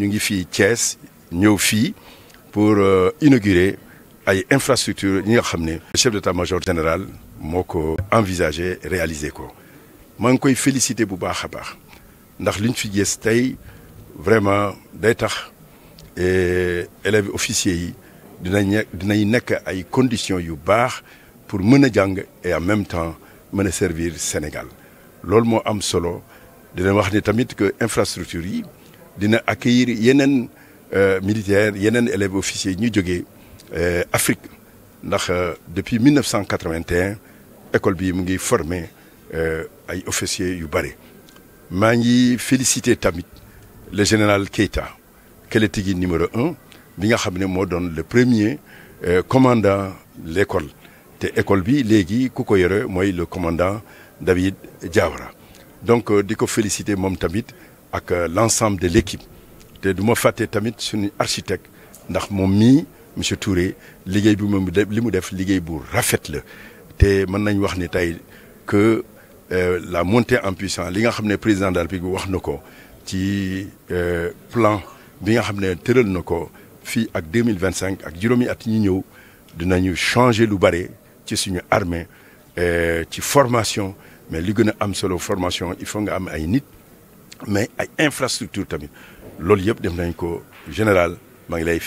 ñu ngi fi Thiès ñëw fii pour euh, inaugurer ay infrastructure ñi nga xam ne chef d'état-major général moo ko réaliser ko maa ngi koy féliciter bu baax a baax ndax liñ fi gis tey vraiment day tax élèves officiers yi dinañ nekk ay conditions yu baax pour mën a et en même temps mën servir Sénégal loolu moo am solo dina wax ni tamit que infrastructure yi dina accueillir yenen euh, militaires yenen élèves officiers ñu euh Afrique ndax euh, depuis 1981 école bi mu ngi former euh, ay officiers yu bëri ma ngi féliciter tamit le général Keita Kélétigi numéro un bi nga xamné mo le premier commandant l'école té école bi légui kuko ko moy le commandant David Diawara donc diko féliciter mom tamit ak euh, l'ensemble de l'équipe De du ma fàtte tamit suñu architecte ndax moom mi, monsieur Touré liggéey bi moom li mu def liggéey bu rafet la te mën nañ wax ni tey que euh, la montée en puissance li nga xam président de la République wax na ko ci euh, plan bi nga xam ne tëral na ko fii ak deux mille vingt cinq ak juróomi at ñi ñëw dinañu changer lu bare ci suñu armée ci formation mais li gën a am solo formation il faut nga am ay nit mais ay infrastructure tamit loolu yëpp def nañ ko général maa ngi lay